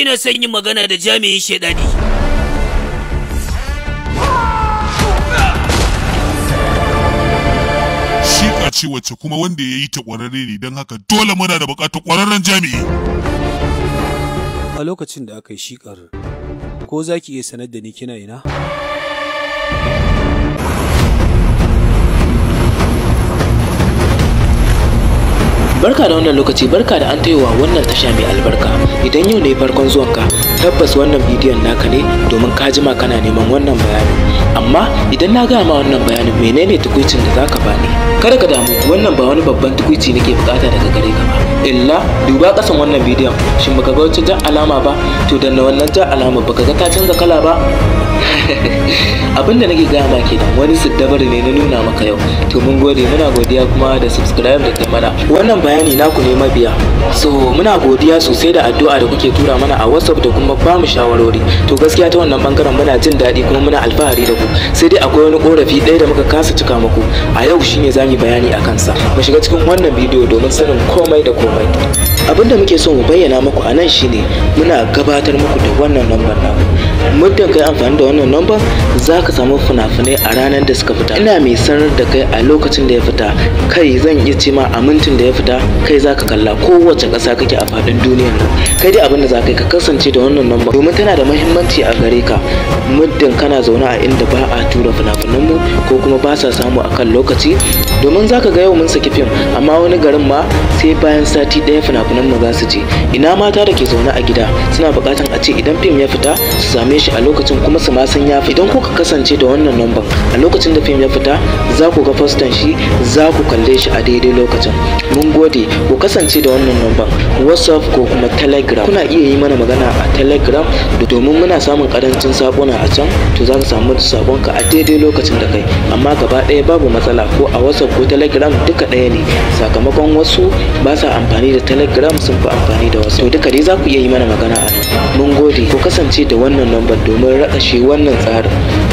Ina son yin magana da jami'in shaidani. Shiƙa ce wacce kuma wanda ya yi ta ƙwararre ne don haka dole muna da buƙatar ƙwararren jami'i. A lokacin da aka yi shiƙar, ko za ki iya sanar da ni kina ina? barka da wannan lokaci barka da an taiwa wannan tasha mai albarka idan yau ne farkon zuwanka tabbas wannan bidiyon naka ne domin ka jima kana neman wannan bayanin amma idan na gaya ma wannan bayanin menene tukuicin da zaka bani kada ka damu wannan ba wani babban tukuici nake bukata daga gare ka ba illa duba kasan wannan bidiyon shin baka ga wacce jan alama ba to danna wannan jan alama baka ga ta canza kala ba abin da nake gaya ma kenan wani siddabar ne na nuna maka yau to mun gode muna godiya kuma da subscribe da kai mana wannan bayani naku ne mabiya so muna godiya sosai da addu'a da kuke tura mana a whatsapp da kuma ba mu shawarori to gaskiya ta wannan bangaren muna jin daɗi kuma muna alfahari da ku sai dai akwai wani korafi ɗaya da muka kasa cika muku a yau shine za mu bayani a kansa mu shiga cikin wannan bidiyo domin sanin komai da komai abin da muke so mu bayyana muku a nan shine muna gabatar muku da wannan lambar namu muddin kai amfani da wannan number za ka samu fina-finai a ranar da suka fita ina mai sanar da kai a lokacin da ya fita kai zan iya ce ma a mintin da ya fita kai za ka kalla kowace ƙasa kake a faɗin duniya nan kai dai abin da za ka yi ka kasance da wannan number domin tana da muhimmanci a gare ka muddin kana zaune a inda ba a tura fina-finanmu ko kuma ba sa samu a kan lokaci domin za ka ga yau mun saki fim amma wani garin ma sai bayan sati ɗaya fina-finanmu za su je ina mata da ke zaune a gida suna buƙatar a ce idan fim ya fita su sami same shi a lokacin kuma su ma sun ya idan kuka kasance da wannan lambar a lokacin da fim ya fita za ku ga fastan shi za ku kalle shi a daidai lokacin mun gode ku kasance da wannan lambar whatsapp ko kuma telegram kuna iya yi mana magana a telegram domin muna samun karancin sakuna a can to za ka samu sabonka a daidai lokacin da kai amma gaba ɗaya babu matsala ko a whatsapp ko telegram duka ɗaya ne sakamakon wasu ba sa amfani da telegram sun fi amfani da wasu to duka dai za ku iya yi mana magana a mun gode ku kasance da wannan lambar Nuwamba domin raɗa shi wannan tsarin.